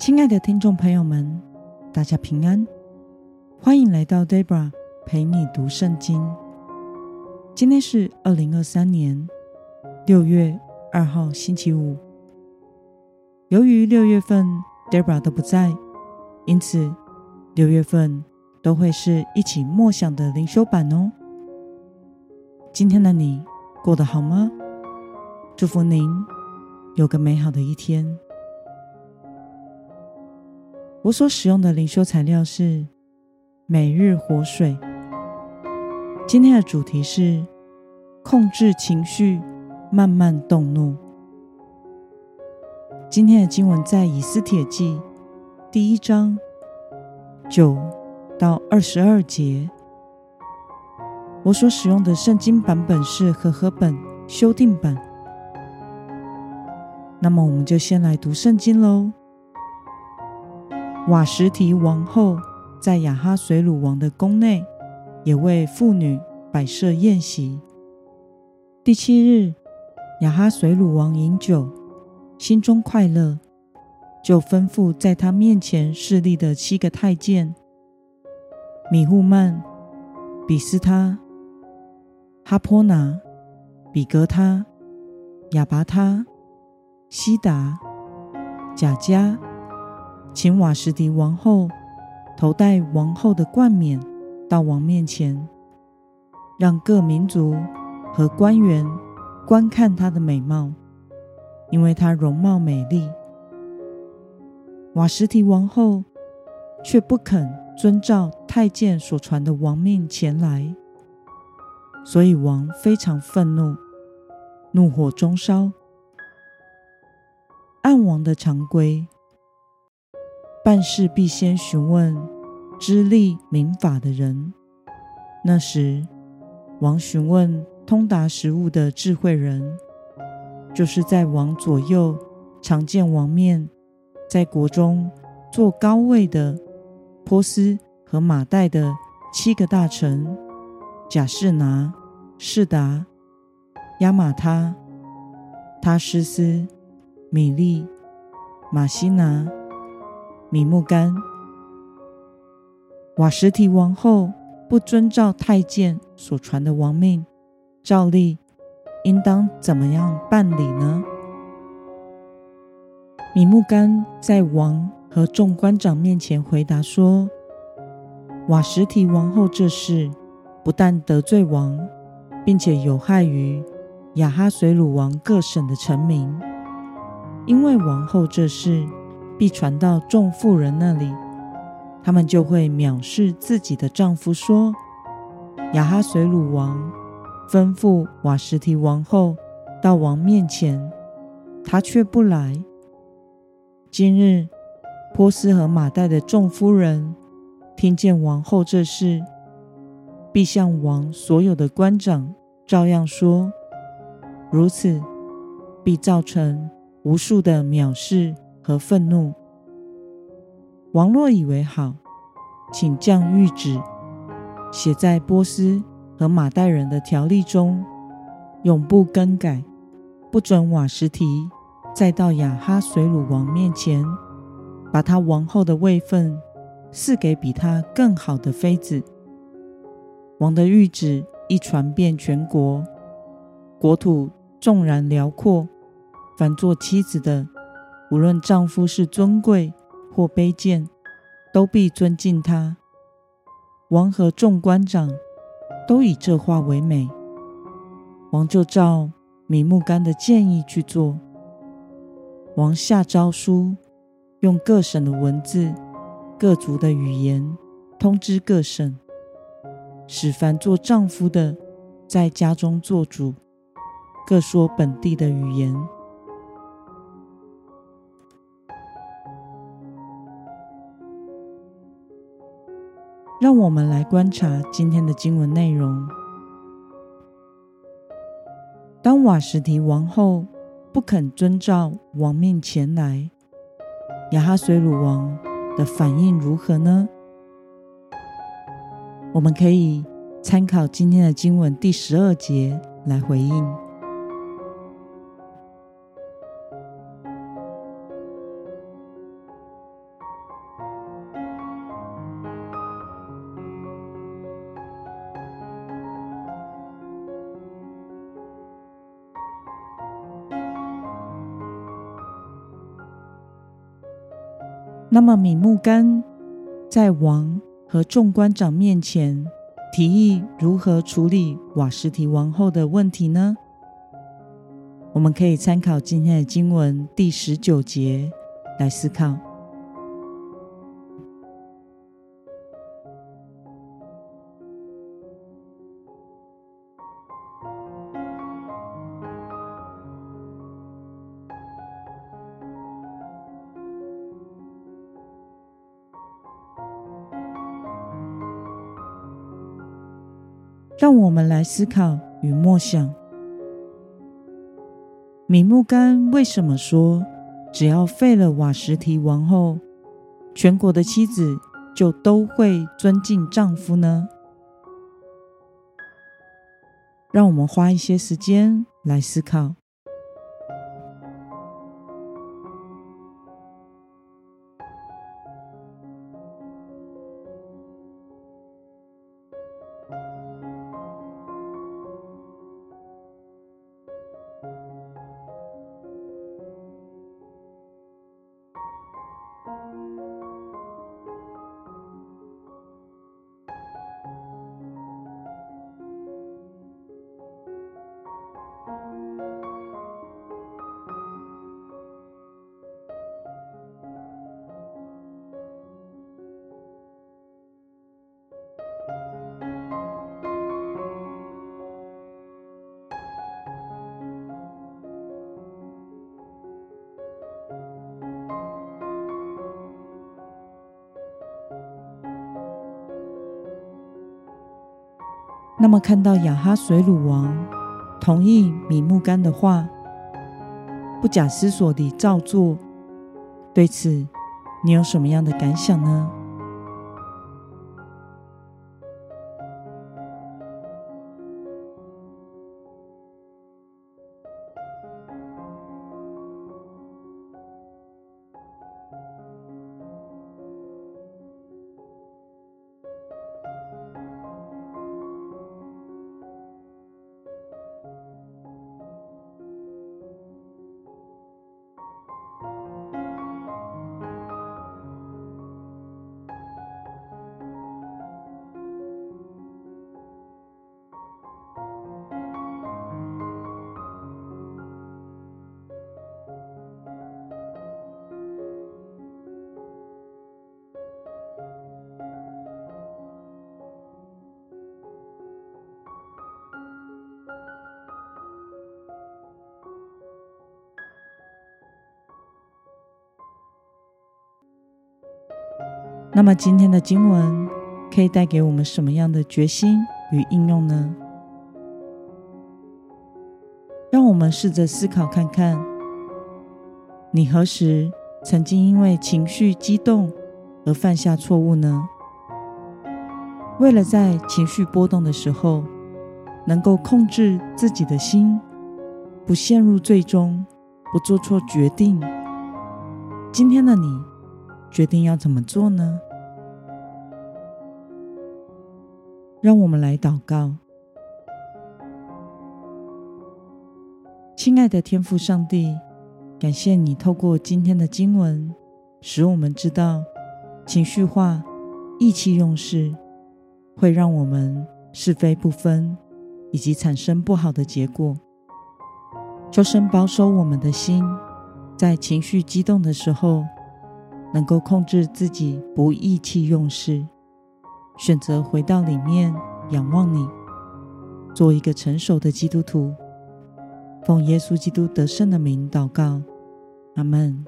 親愛的聽眾朋友們，大家平安，歡迎來到 Debra 陪你讀聖經。今天是二零二三年六月二號星期五。由於六月份 Debra 都不在，因此六月份都會是一起默想的靈修版哦。今天的你過得好嗎？祝福您有個美好的一天。我所使用的靈修材料是《每日活水》，今天的主題是“控制情緒，慢慢動怒”。今天的經文在《以斯帖記》第一章九到二十二節。我所使用的聖經版本是和合本修訂版。那麼，我們就先來讀聖經嘍。瓦實提王后在亞哈隨魯王的宮內，也為婦女擺設宴席。第七日，亞哈隨魯王飲酒，心中快樂，就吩咐在他面前侍立的七個太監：米戶幔、比斯他、哈波拿、比革他、亞拔他、西達、甲迦。請瓦實提王后頭戴王後的冠冕，到王面前，讓各民族和官員觀看她的美貌，因為她容貌美麗。瓦實提王后卻不肯遵照太監所傳的王命前來，所以王非常憤怒，怒火中燒。按王的常規。辦事必先詢問知例明法的人。那時，王詢問通達時務的智慧人，就是在王左右常見王面，在國中坐高位的波斯和馬代的七個大臣：甲示拿、示達、押瑪他、他施斯、米力、馬西拿。米慕干，瓦實提王后不遵照太監所傳的王命，照例應當怎麼樣辦理呢？米慕干在王和眾官長面前回答說：“瓦實提王后這事，不但得罪王，並且有害於亞哈隨魯王各省的臣民，因為王后這事。”必傳到眾婦人那裏，他們就會藐視自己的丈夫，說：“亞哈隨魯王吩咐瓦實提王后到王面前，她卻不來。”今日波斯和瑪代的眾夫人聽見王后這事，必向王所有的官長照樣說，如此必造成無數的藐視。和憤怒，王若以為好，請降諭旨，寫在波斯和瑪代人的條例中，永不更改，不准瓦實提再到亞哈隨魯王面前，把他王後的位分賜給比他更好的妃子。王的諭旨一傳遍全國，國土縱然遼闊，凡作妻子的。無論丈夫是尊貴或卑賤，都必尊敬他。王和眾官長都以這話為美。王就照米慕干的建議去做。王下詔書，用各省的文字、各族的語言通知各省，使凡做丈夫的在家中做主，各說本地的語言。讓我們來觀察今天的經文內容。當瓦實提王后不肯遵照王命前來，亞哈隨魯王的反應如何呢？我們可以參考今天的經文第十二節來回應。那麼，米慕干在王和眾官長面前提議如何處理瓦實提王後的問題呢？我們可以參考今天的經文第十九節來思考。讓我們來思考與默想。米慕干為什麼說，只要廢了瓦實提王後，全國的妻子就都會尊敬丈夫呢？讓我們花一些時間來思考。那麼看到亞哈隨魯王同意米慕干的話，不假思索地照做，對此你有什麼樣的感想呢？那麼今天的經文可以帶給我們什麼樣的決心與應用呢？讓我們試着思考看看，你何時曾經因為情緒激動而犯下錯誤呢？為了在情緒波動的時候能夠控制自己的心，不陷入，最終不做錯決定。今天的你決定要怎麼做呢？讓我們來禱告，親愛的天父上帝，感謝你透過今天的經文，使我們知道情緒化、意氣用事會讓我們是非不分，以及產生不好的結果。求神保守我們的心，在情緒激動的時候，能夠控制自己，不意氣用事。選擇回到裡面仰望你，做一個成熟的基督徒，奉耶穌基督得勝的名禱告，阿門。